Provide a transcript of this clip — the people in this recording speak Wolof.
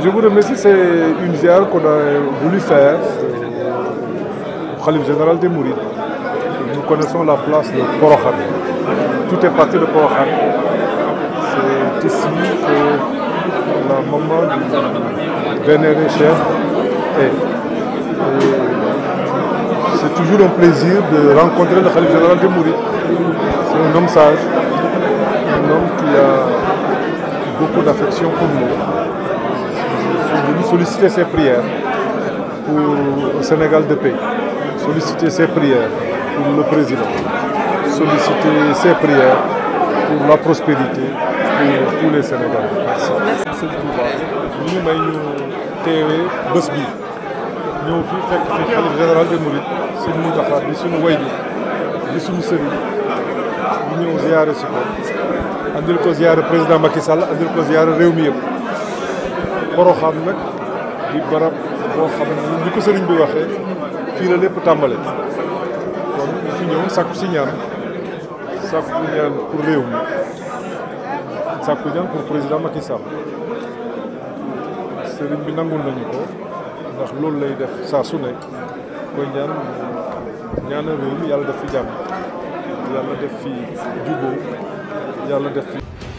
je vous remercie, c'est une géale qu'on a voulu faire au Khalif général de Mourides. Nous connaissons la place de Porokhan. Tout est parti de Porokhan. C'est ici que la maman du vénéré chef est. C'est toujours un plaisir de rencontrer le Khalif général de Mourides. C'est un homme sage, un homme qui a beaucoup d'affection pour nous solliciter ses prières pour le Sénégal de paix, solliciter ses prières pour le président, solliciter ses prières pour la prospérité pour tous les Sénégalais. Merci. Sëñ Touba ñu may ñu teewee bés bi ñëw fi fekk fi général de Mourides sëñ Mountakha bi suñu way bi di suñu sëriñ di ñëw ziyaare si ko andil président Macky Sall andil ko ziyaare réew mi yëpp di barab boo xam ne ni ko sëriñ bi waxee fii la lépp tàmbale kon ñu fi ñëw sàkku si ñaan sàkku ñaan pour réew mi sàkku ñaan pour président Macky sëriñ bi nangul nañu ko ndax loolu lay def saa su nekk koy ñaan ñaanal réew yàlla def fi jàmm yàlla def fi jubóo yàlla def fi